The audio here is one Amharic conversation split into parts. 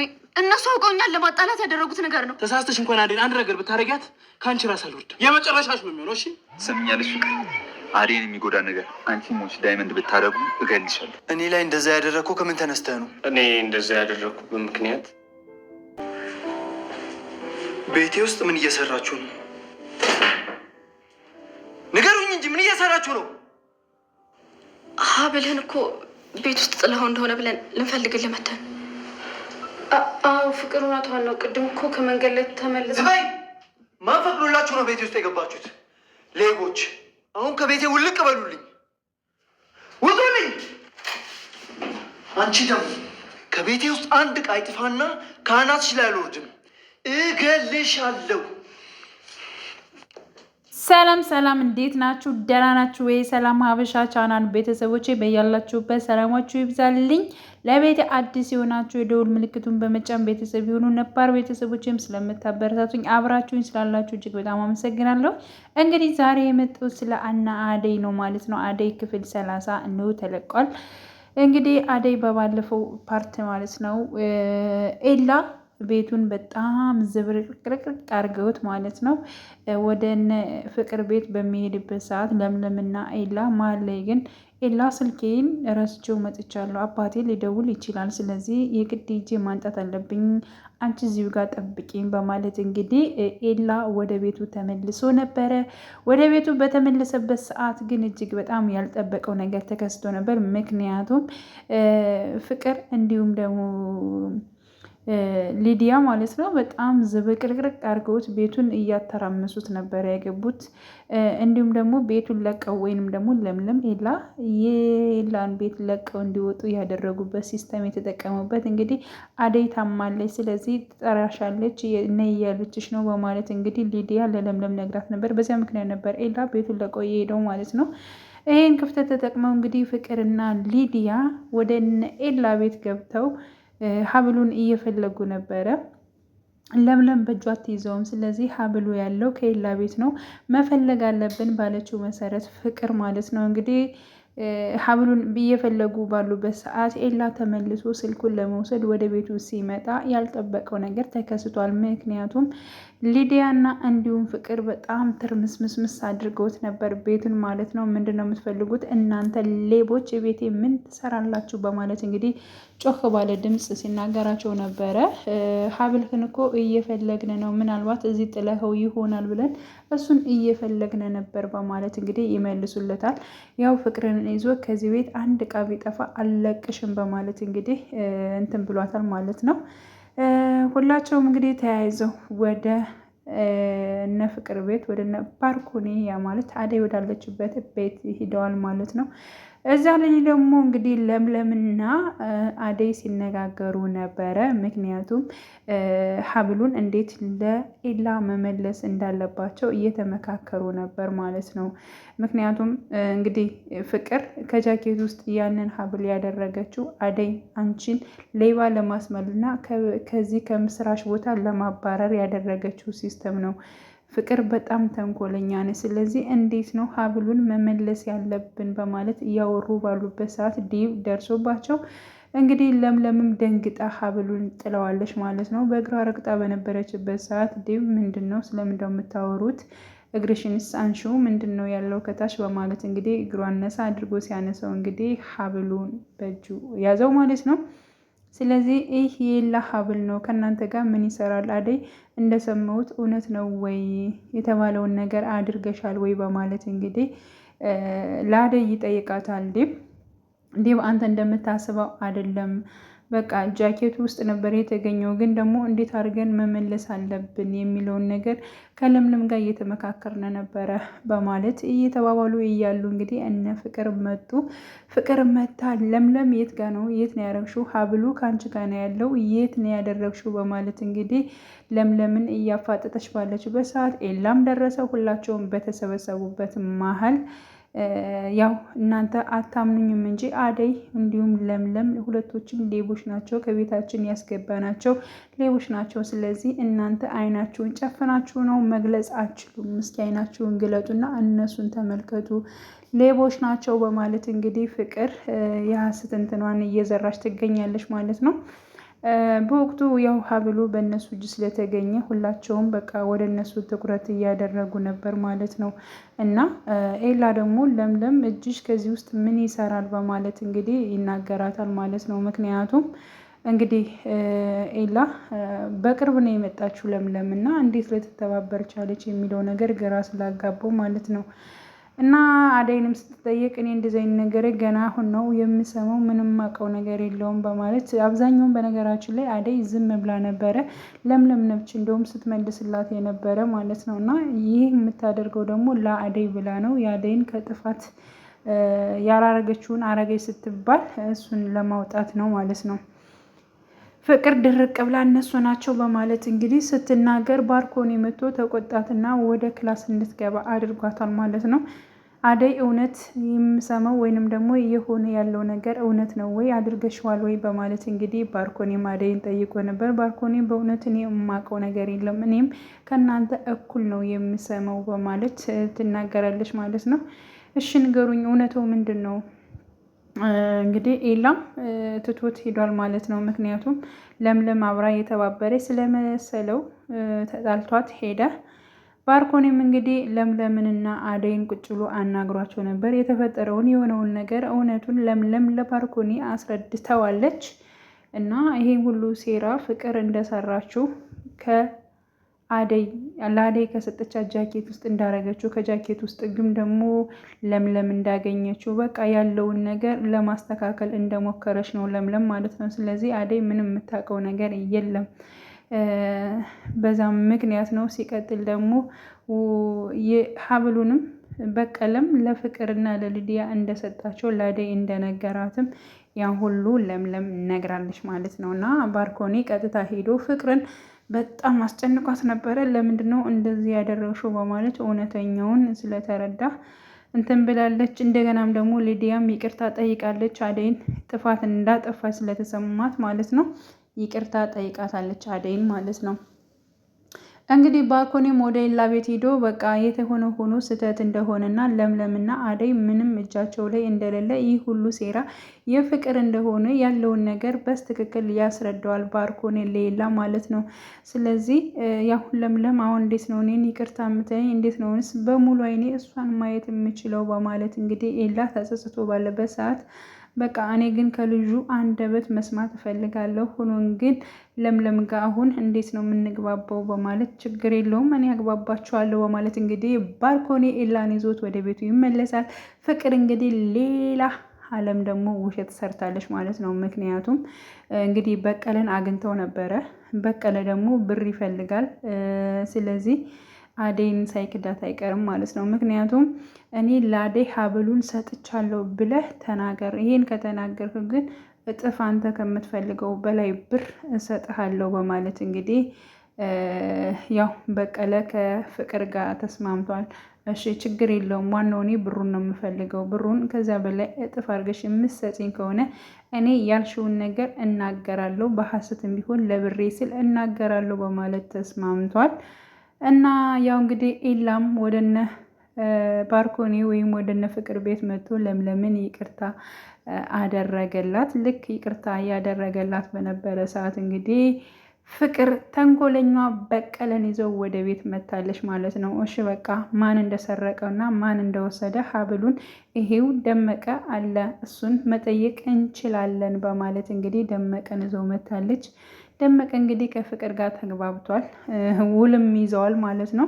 ወንድሜ፣ እነሱ አውቀውኛል ለማጣላት ያደረጉት ነገር ነው። ተሳስተሽ እንኳን አዴን አንድ ነገር ብታደርጊያት ከአንቺ ራስ አልወርድም። የመጨረሻሽ ነው የሚሆነው። እሺ ሰምኛለሽ ፍቅር አዴን የሚጎዳ ነገር አንቺ ሞች ዳይመንድ ብታደረጉ እገልሻለሁ። እኔ ላይ እንደዛ ያደረግኩ ከምን ተነስተህ ነው? እኔ እንደዛ ያደረግኩ በምክንያት ቤቴ ውስጥ ምን እየሰራችሁ ነው? ንገሩኝ እንጂ ምን እየሰራችሁ ነው? ሀ ብለን እኮ ቤት ውስጥ ጥላው እንደሆነ ብለን ልንፈልግን መተን አዎ ፍቅር እውነቷን ነው። ቅድም እኮ ከመንገድ ላይ ተመልሰ ማን ማንፈቅዱላችሁ ነው ቤቴ ውስጥ የገባችሁት ሌቦች። አሁን ከቤቴ ውልቅ በሉልኝ፣ ውጡልኝ። አንቺ ደግሞ ከቤቴ ውስጥ አንድ ዕቃ አይጥፋና ካህናት እገልሽ እገልሻለሁ ሰላም ሰላም፣ እንዴት ናችሁ? ደህና ናችሁ ወይ? ሰላም ሀበሻ ቻናን ቤተሰቦቼ በያላችሁበት ሰላማችሁ ይብዛልኝ። ለቤት አዲስ የሆናችሁ የደውል ምልክቱን በመጫን ቤተሰብ የሆኑ ነባር ቤተሰቦችም ስለምታበረታቱኝ አብራችሁኝ ስላላችሁ እጅግ በጣም አመሰግናለሁ። እንግዲህ ዛሬ የመጣሁት ስለ አና አደይ ነው ማለት ነው። አደይ ክፍል ሰላሳ እንሆ ተለቋል። እንግዲህ አደይ በባለፈው ፓርት ማለት ነው ኤላ ቤቱን በጣም ዝብርቅርቅርቅ አድርገውት ማለት ነው። ወደ እነ ፍቅር ቤት በሚሄድበት ሰዓት ለምለምና ኤላ መሀል ላይ ግን ኤላ ስልኬን ረስቼው መጥቻለሁ፣ አባቴ ሊደውል ይችላል፣ ስለዚህ የግድ ሂጄ ማንጣት አለብኝ፣ አንቺ እዚሁ ጋር ጠብቂኝ በማለት እንግዲህ ኤላ ወደ ቤቱ ተመልሶ ነበረ። ወደ ቤቱ በተመለሰበት ሰዓት ግን እጅግ በጣም ያልጠበቀው ነገር ተከስቶ ነበር። ምክንያቱም ፍቅር እንዲሁም ደግሞ ሊዲያ ማለት ነው። በጣም ዝብቅርቅርቅ አድርገውት ቤቱን እያተራመሱት ነበር ያገቡት። እንዲሁም ደግሞ ቤቱን ለቀው ወይንም ደግሞ ለምለም ኤላ የኤላን ቤት ለቀው እንዲወጡ ያደረጉበት ሲስተም የተጠቀሙበት እንግዲህ አደይ ታማለች፣ ስለዚህ ጠራሻለች፣ ነ እያለችሽ ነው በማለት እንግዲህ ሊዲያ ለለምለም ነግራት ነበር። በዚያ ምክንያት ነበር ኤላ ቤቱን ለቀው የሄደው ማለት ነው። ይህን ክፍተት ተጠቅመው እንግዲህ ፍቅርና ሊዲያ ወደ ኤላ ቤት ገብተው ሀብሉን እየፈለጉ ነበረ። ለምለም በእጇ አትይዘውም። ስለዚህ ሀብሉ ያለው ከኤላ ቤት ነው መፈለግ አለብን ባለችው መሰረት ፍቅር ማለት ነው እንግዲህ ሀብሉን እየፈለጉ ባሉበት ሰዓት ኤላ ተመልሶ ስልኩን ለመውሰድ ወደ ቤቱ ሲመጣ ያልጠበቀው ነገር ተከስቷል። ምክንያቱም ሊዲያና እንዲሁም ፍቅር በጣም ትርምስምስምስ አድርገውት ነበር ቤቱን ማለት ነው። ምንድን ነው የምትፈልጉት እናንተ ሌቦች ቤቴ ምን ትሰራላችሁ? በማለት እንግዲህ ጮህ ባለ ድምፅ ሲናገራቸው ነበረ። ሀብልህን እኮ እየፈለግን ነው፣ ምናልባት እዚህ ጥለኸው ይሆናል ብለን እሱን እየፈለግን ነበር በማለት እንግዲህ ይመልሱለታል። ያው ፍቅርን ይዞ ከዚህ ቤት አንድ እቃ ቢጠፋ አለቅሽም በማለት እንግዲህ እንትን ብሏታል ማለት ነው። ሁላቸውም እንግዲህ ተያይዘው ወደ እነ ፍቅር ቤት ወደ እነ ባርኮኒ ያ ማለት አደይ ወዳለችበት ቤት ሂደዋል ማለት ነው። እዛ ላይ ደግሞ እንግዲህ ለምለምና አደይ ሲነጋገሩ ነበረ። ምክንያቱም ሀብሉን እንዴት ለኤላ መመለስ እንዳለባቸው እየተመካከሩ ነበር ማለት ነው። ምክንያቱም እንግዲህ ፍቅር ከጃኬት ውስጥ ያንን ሀብል ያደረገችው አደይ አንቺን ሌባ ለማስመልና ከዚህ ከምስራሽ ቦታ ለማባረር ያደረገችው ሲስተም ነው። ፍቅር በጣም ተንኮለኛ ነ ስለዚህ እንዴት ነው ሀብሉን መመለስ ያለብን በማለት እያወሩ ባሉበት ሰዓት ዲብ ደርሶባቸው እንግዲህ ለምለምም ደንግጣ ሀብሉን ጥለዋለች ማለት ነው። በእግሯ ረግጣ በነበረችበት ሰዓት ዲብ ምንድን ነው ስለምንደው የምታወሩት እግርሽንስ አንሹ ምንድን ነው ያለው ከታች በማለት እንግዲህ እግሯን ነሳ አድርጎ ሲያነሳው እንግዲህ ሀብሉን በእጁ ያዘው ማለት ነው። ስለዚህ ይህ የሌላ ሀብል ነው። ከእናንተ ጋር ምን ይሰራል? አደይ እንደሰማሁት እውነት ነው ወይ የተባለውን ነገር አድርገሻል ወይ በማለት እንግዲህ ለአደይ ይጠይቃታል። ዲብ ዲብ አንተ እንደምታስበው አይደለም በቃ ጃኬቱ ውስጥ ነበር የተገኘው። ግን ደግሞ እንዴት አድርገን መመለስ አለብን የሚለውን ነገር ከለምለም ጋር እየተመካከርን ነበረ በማለት እየተባባሉ እያሉ እንግዲህ እነ ፍቅር መጡ። ፍቅር መታ ለምለም የት ጋ ነው የት ነው ያደረግሽው? ሀብሉ ከአንቺ ጋ ነው ያለው የት ነው ያደረግሽው? በማለት እንግዲህ ለምለምን እያፋጠጠች ባለችበት ሰዓት ኤላም ደረሰ። ሁላቸውም በተሰበሰቡበት መሀል ያው እናንተ አታምኑኝም እንጂ አደይ እንዲሁም ለምለም ሁለቶችም ሌቦች ናቸው፣ ከቤታችን ያስገባናቸው ሌቦች ናቸው። ስለዚህ እናንተ አይናችሁን ጨፍናችሁ ነው መግለጽ አችሉም። እስኪ አይናችሁን ግለጡና እነሱን ተመልከቱ፣ ሌቦች ናቸው በማለት እንግዲህ ፍቅር የሀሰት እንትኗን እየዘራች ትገኛለች ማለት ነው። በወቅቱ ያው ሀብሉ በእነሱ እጅ ስለተገኘ ሁላቸውም በቃ ወደ እነሱ ትኩረት እያደረጉ ነበር ማለት ነው። እና ኤላ ደግሞ ለምለም እጅሽ ከዚህ ውስጥ ምን ይሰራል በማለት እንግዲህ ይናገራታል ማለት ነው። ምክንያቱም እንግዲህ ኤላ በቅርብ ነው የመጣችው ለምለም እና እንዴት ልትተባበር ቻለች የሚለው ነገር ግራ ስላጋባው ማለት ነው። እና አደይንም ስትጠየቅ እኔ እንደዚህ አይነት ነገር ገና አሁን ነው የምሰማው፣ ምንም አውቀው ነገር የለውም በማለት አብዛኛውን በነገራችን ላይ አደይ ዝም ብላ ነበረ። ለምለም ነች እንደውም ስትመልስላት የነበረ ማለት ነው። እና ይህ የምታደርገው ደግሞ ለአደይ ብላ ነው። የአደይን ከጥፋት ያላረገችውን አረገች ስትባል እሱን ለማውጣት ነው ማለት ነው። ፍቅር ድርቅ ብላ እነሱ ናቸው በማለት እንግዲህ ስትናገር ባርኮኒ መቶ ተቆጣትና ወደ ክላስ እንድትገባ አድርጓታል ማለት ነው። አደይ እውነት የምሰማው ወይንም ደግሞ የሆነ ያለው ነገር እውነት ነው ወይ አድርገሽዋል ወይ በማለት እንግዲህ ባርኮኔም አደይን ጠይቆ ነበር። ባርኮኔ በእውነት እኔ የማውቀው ነገር የለም እኔም ከእናንተ እኩል ነው የምሰማው በማለት ትናገራለች ማለት ነው። እሺ ንገሩኝ፣ እውነቱ ምንድን ነው? እንግዲህ ኤላም ትቶት ሄዷል ማለት ነው። ምክንያቱም ለምለም አብራ እየተባበረ ስለመሰለው ተጣልቷት ሄደ። ባርኮኔም እንግዲህ ለምለምንና አደይን ቁጭ ብሎ አናግሯቸው ነበር። የተፈጠረውን የሆነውን ነገር እውነቱን ለምለም ለባርኮኔ አስረድተዋለች እና ይሄ ሁሉ ሴራ ፍቅር እንደሰራችው ከ አደይ ለአደይ ከሰጠቻት ጃኬት ውስጥ እንዳረገችው ከጃኬት ውስጥ ግም ደግሞ ለምለም እንዳገኘችው በቃ ያለውን ነገር ለማስተካከል እንደሞከረች ነው ለምለም ማለት ነው። ስለዚህ አደይ ምንም የምታውቀው ነገር የለም። በዛም ምክንያት ነው። ሲቀጥል ደግሞ ሀብሉንም በቀለም ለፍቅርና ለልድያ እንደሰጣቸው ለአደይ እንደነገራትም ያን ሁሉ ለምለም ነግራለች ማለት ነው። እና ባርኮኒ ቀጥታ ሄዶ ፍቅርን በጣም አስጨንቋት ነበረ። ለምንድን ነው እንደዚህ ያደረግሽው በማለት እውነተኛውን ስለተረዳ እንትን ብላለች። እንደገናም ደግሞ ሊዲያም ይቅርታ ጠይቃለች። አደይን ጥፋት እንዳጠፋ ስለተሰማት ማለት ነው ይቅርታ ጠይቃታለች አደይን ማለት ነው። እንግዲህ ባርኮኔም ሞዴላ ቤት ሄዶ በቃ የተሆነ ሆኖ ስህተት እንደሆነና ለምለምና አደይ ምንም እጃቸው ላይ እንደሌለ ይህ ሁሉ ሴራ የፍቅር እንደሆነ ያለውን ነገር በስትክክል ያስረዳዋል ባርኮኔ ሌላ ማለት ነው። ስለዚህ ያሁን ለምለም አሁን እንዴት ነው እኔን ይቅርታ የምትለኝ? እንዴት ነው ነውንስ በሙሉ አይኔ እሷን ማየት የምችለው? በማለት እንግዲህ ኤላ ተጸጽቶ ባለበት ሰዓት በቃ እኔ ግን ከልጁ አንደበት መስማት እፈልጋለሁ። ሆኖን ግን ለምለም ጋር አሁን እንዴት ነው የምንግባባው? በማለት ችግር የለውም እኔ ያግባባችኋለሁ በማለት እንግዲህ ባርኮኔ ኤላን ይዞት ወደ ቤቱ ይመለሳል። ፍቅር እንግዲህ ሌላ አለም ደግሞ ውሸት ሰርታለች ማለት ነው። ምክንያቱም እንግዲህ በቀለን አግኝተው ነበረ። በቀለ ደግሞ ብር ይፈልጋል። ስለዚህ አደይን ሳይክዳት አይቀርም ማለት ነው። ምክንያቱም እኔ ለአደይ ሀብሉን ሰጥቻለሁ ብለህ ተናገር፣ ይሄን ከተናገርክ ግን እጥፍ አንተ ከምትፈልገው በላይ ብር እሰጥሃለሁ በማለት እንግዲህ ያው በቀለ ከፍቅር ጋር ተስማምቷል። እሺ ችግር የለውም ዋናው እኔ ብሩን ነው የምፈልገው። ብሩን ከዚያ በላይ እጥፍ አድርገሽ የምትሰጪኝ ከሆነ እኔ ያልሽውን ነገር እናገራለሁ፣ በሀሰትም ቢሆን ለብሬ ስል እናገራለሁ በማለት ተስማምቷል። እና ያው እንግዲህ ኢላም ወደነ ባርኮኒ ወይም ወደነ ፍቅር ቤት መጥቶ ለምለምን ይቅርታ አደረገላት። ልክ ይቅርታ እያደረገላት በነበረ ሰዓት እንግዲህ ፍቅር ተንኮለኛ በቀለን ይዘው ወደ ቤት መታለች ማለት ነው። እሺ በቃ ማን እንደሰረቀው እና ማን እንደወሰደ ሀብሉን ይሄው ደመቀ አለ፣ እሱን መጠየቅ እንችላለን በማለት እንግዲህ ደመቀን ይዘው መታለች። ደመቀ እንግዲህ ከፍቅር ጋር ተግባብቷል፣ ውልም ይዘዋል ማለት ነው።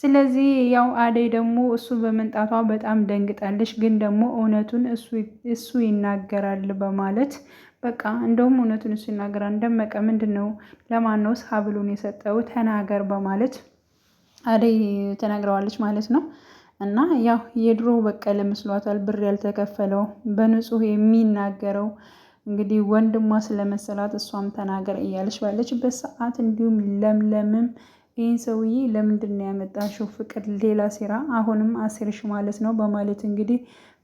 ስለዚህ ያው አደይ ደግሞ እሱ በመንጣቷ በጣም ደንግጣለች። ግን ደግሞ እውነቱን እሱ ይናገራል በማለት በቃ እንደውም እውነቱን እሱ ይናገራል። ደመቀ ምንድን ነው ለማነውስ ሀብሉን የሰጠው ተናገር በማለት አደይ ተናግረዋለች ማለት ነው። እና ያው የድሮ በቀለ መስሏታል፣ ብር ያልተከፈለው በንጹህ የሚናገረው እንግዲህ ወንድሟ ስለመሰላት እሷም ተናገር እያለች ባለችበት ሰዓት እንዲሁም ለምለምም ይህን ሰውዬ ለምንድን ነው ያመጣሽው? ፍቅር ሌላ ሴራ አሁንም አሴርሽ ማለት ነው በማለት እንግዲህ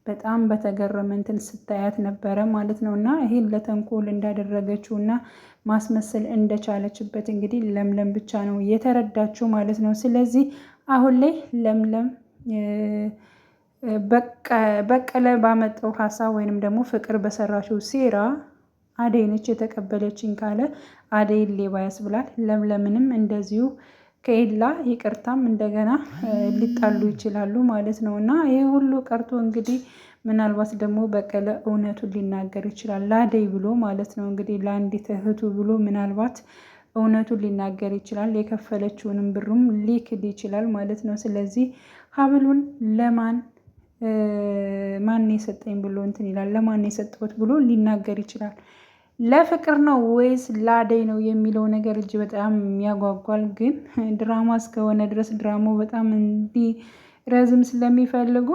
በጣም በተገረመ እንትን ስታያት ነበረ ማለት ነው። እና ይህን ለተንኮል እንዳደረገችው እና ማስመሰል እንደቻለችበት እንግዲህ ለምለም ብቻ ነው የተረዳችው ማለት ነው። ስለዚህ አሁን ላይ ለምለም በቀለ ባመጣው ሀሳብ ወይንም ደግሞ ፍቅር በሰራችው ሴራ አደይ ነች የተቀበለችኝ ካለ አደይ ሌባ ያስብላል። ለምለምንም እንደዚሁ ከኤላ ይቅርታም እንደገና ሊጣሉ ይችላሉ ማለት ነው። እና ይህ ሁሉ ቀርቶ እንግዲህ ምናልባት ደግሞ በቀለ እውነቱን ሊናገር ይችላል ለአደይ ብሎ ማለት ነው። እንግዲህ ለአንዲት እህቱ ብሎ ምናልባት እውነቱን ሊናገር ይችላል። የከፈለችውንም ብሩም ሊክድ ይችላል ማለት ነው። ስለዚህ ሀብሉን ለማን ማን የሰጠኝ ብሎ እንትን ይላል። ለማን የሰጠሁት ብሎ ሊናገር ይችላል። ለፍቅር ነው ወይስ ለአደይ ነው የሚለው ነገር እጅ በጣም ያጓጓል። ግን ድራማ እስከሆነ ድረስ ድራማው በጣም እንዲረዝም ስለሚፈልጉ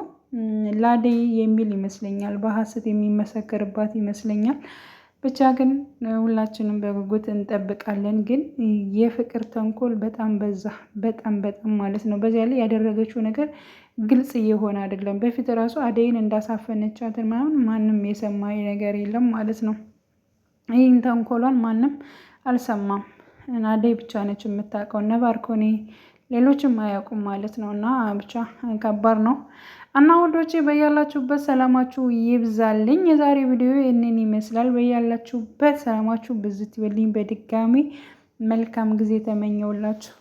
ለአደይ የሚል ይመስለኛል። በሀሰት የሚመሰከርባት ይመስለኛል። ብቻ ግን ሁላችንም በጉጉት እንጠብቃለን። ግን የፍቅር ተንኮል በጣም በዛ፣ በጣም በጣም ማለት ነው። በዚያ ላይ ያደረገችው ነገር ግልጽ እየሆነ አይደለም። በፊት ራሱ አደይን እንዳሳፈነቻት ምናምን ማንም የሰማ ነገር የለም ማለት ነው። ይህን ተንኮሏን ማንም አልሰማም። አደይ ብቻ ነች የምታውቀው። እነ ባርኮኔ ሌሎችም አያውቁም ማለት ነው። እና ብቻ ከባድ ነው። እና ወዶቼ በያላችሁበት ሰላማችሁ ይብዛልኝ። የዛሬ ቪዲዮ ይህንን ይመስላል። በያላችሁበት ሰላማችሁ ብዝት ይበልኝ። በድጋሚ መልካም ጊዜ ተመኘውላችሁ።